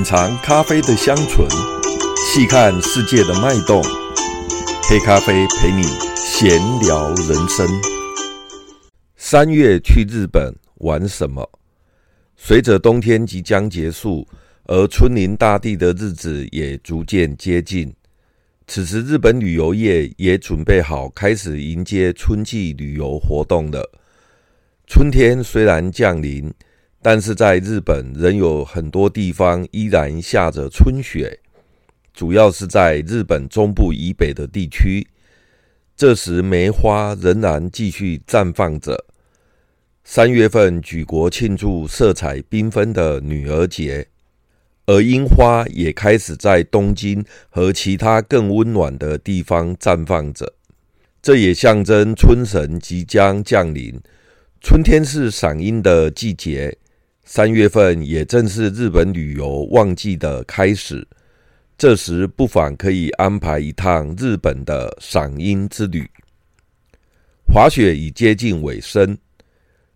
品嘗咖啡的香醇，細看世界的脈動。黑咖啡陪你閒聊人生。三月去日本玩什麼？隨着冬天即將結束，而春臨大地的日子也逐漸接近。此時，日本旅遊業也準備好開始迎接春季旅遊活動了。春天雖然降臨。但是在日本，仍有很多地方依然下着春雪，主要是在日本中部以北的地區。這時梅花仍然繼續綻放着。三月份，舉國慶祝色彩繽紛的女兒節，而櫻花也開始在東京和其他更溫暖的地方綻放着。這也象徵春神即將降臨。春天是賞櫻的季節。三月份也正是日本旅遊旺季的開始，這時不妨可以安排一趟日本的賞櫻之旅。滑雪已接近尾聲，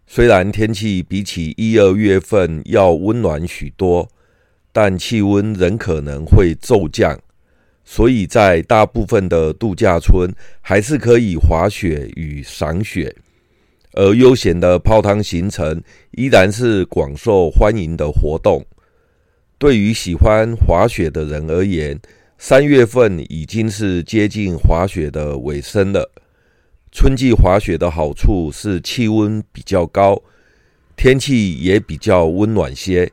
雖然天氣比起一二月份要溫暖許多，但氣溫仍可能會驟降，所以在大部分的度假村還是可以滑雪與賞雪。而悠閒的泡湯行程依然是廣受歡迎的活動。對於喜歡滑雪的人而言，三月份已經是接近滑雪的尾聲了。春季滑雪的好處是氣溫比較高，天氣也比較溫暖些，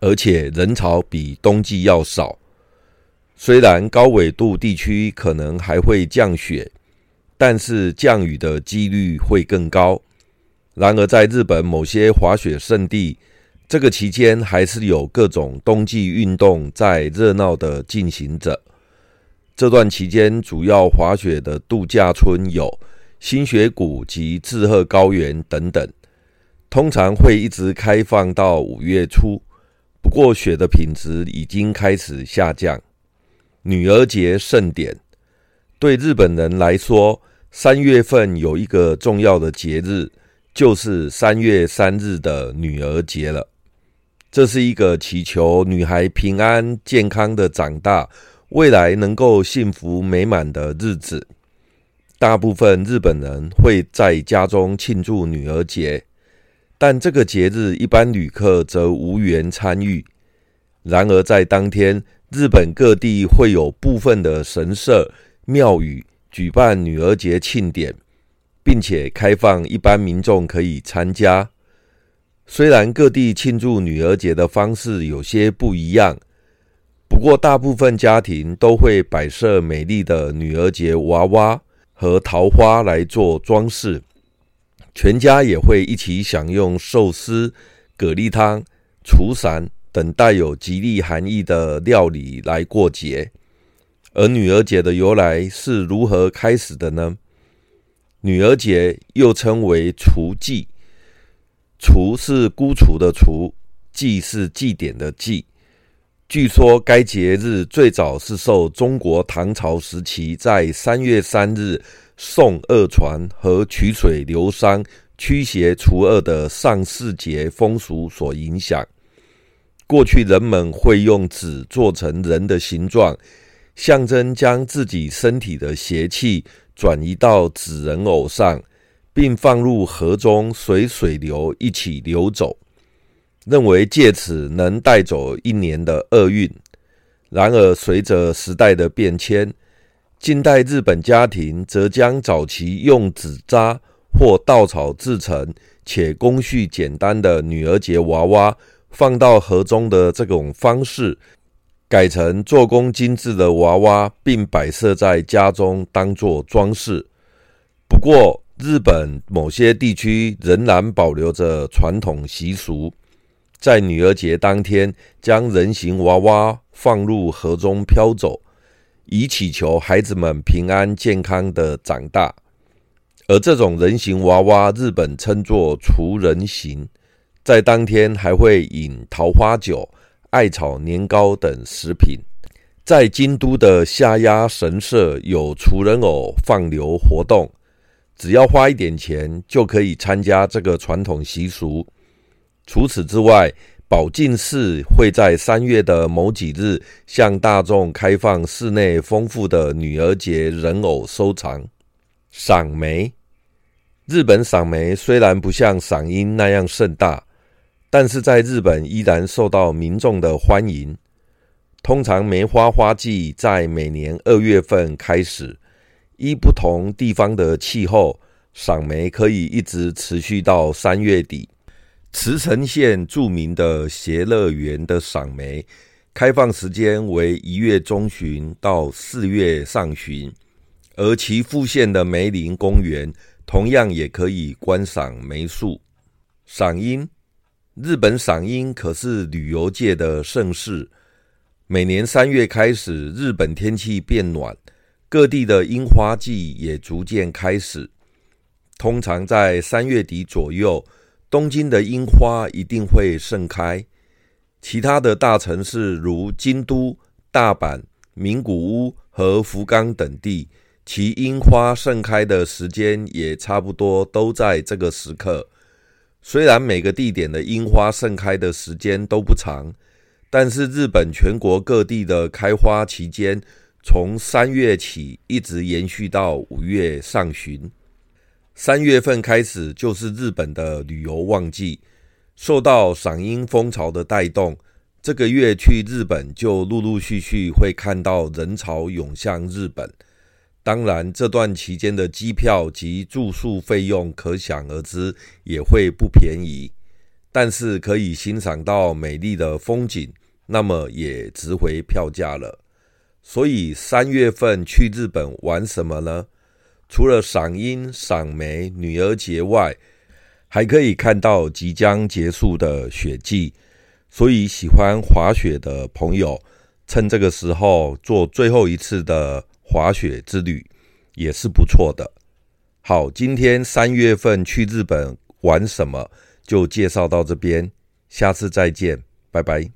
而且人潮比冬季要少。雖然高緯度地區可能還會降雪。但是降雨的幾率會更高。然而，在日本某些滑雪勝地，這個期間還是有各種冬季運動在熱鬧的進行着。這段期間主要滑雪的度假村有新雪谷及志賀高原等等，通常會一直開放到五月初。不過，雪的品質已經開始下降。女兒節盛典。對日本人來說，三月份有一個重要的節日，就是三月三日的女兒節了。這是一個祈求女孩平安健康的長大，未來能夠幸福美滿的日子。大部分日本人會在家中慶祝女兒節，但這個節日一般旅客則無緣參與。然而，在當天，日本各地會有部分的神社，廟宇舉辦女兒節慶典，並且開放一般民眾可以參加。雖然各地慶祝女兒節的方式有些不一樣，不過大部分家庭都會擺設美麗的女兒節娃娃和桃花來做裝飾，全家也會一起享用壽司、蛤蜊湯、竹傘等帶有吉利含義的料理來過節。.而女兒節的由來是如何開始的呢？女兒節又稱為“雛祭”，“雛”是孤雛的“雛”，“祭”是祭典的“祭”。據說該節日最早是受中國唐朝時期在三月三日送惡船和曲水流觴、驅邪除惡的上巳節風俗所影響。過去人們會用紙做成人的形狀。象徵將自己身體的邪氣轉移到紙人偶上，並放入河中隨水，水流一起流走，認為借此能帶走一年的厄運。然而，隨着時代的變遷，近代日本家庭則將早期用紙紮或稻草製成且工序簡單的女兒節娃娃放到河中的這種方式。改成做工精緻的娃娃，並擺設在家中當做裝飾。不過，日本某些地區仍然保留着傳統習俗，在女兒節當天，將人形娃娃放入河中漂走，以祈求孩子們平安健康的長大。而這種人形娃娃，日本稱作“雛人形”。在當天還會飲桃花酒。艾草年糕等食品，在京都的下鴨神社有除人偶放流活動，只要花一點錢就可以參加這個傳統習俗。除此之外，寶鏡寺會在三月的某幾日向大眾開放室內豐富的女兒節人偶收藏。賞梅，日本賞梅雖然不像賞櫻那樣盛大。但是在日本依然受到民眾的歡迎。通常梅花花季在每年二月份開始，依不同地方的氣候，賞梅可以一直持續到三月底。茨城縣著名的偕樂園的賞梅開放時間為一月中旬到四月上旬，而岐阜縣的梅林公園同樣也可以觀賞梅樹、賞櫻。日本賞櫻可是旅遊界的盛事。每年三月開始，日本天氣變暖，各地的櫻花季也逐漸開始。通常在三月底左右，東京的櫻花一定會盛開。其他的大城市如京都、大阪、名古屋和福岡等地，其櫻花盛開的時間也差不多都在這個時刻。雖然每個地點的櫻花盛開的時間都不長，但是日本全國各地的開花期間，從三月起一直延續到五月上旬。三月份開始就是日本的旅遊旺季，受到賞櫻風潮的帶動，這個月去日本就陸陸續續會看到人潮湧向日本。當然，這段期間的機票及住宿費用可想而知，也會不便宜。但是可以欣賞到美麗的風景，那麼也值回票價了。所以三月份去日本玩什麼呢？除了賞櫻、賞梅、女兒節外，還可以看到即將結束的雪季。所以喜歡滑雪的朋友，趁這個時候做最後一次的。滑雪之旅也是不錯的。好，今天三月份去日本玩什麼就介紹到這邊，下次再見，拜拜。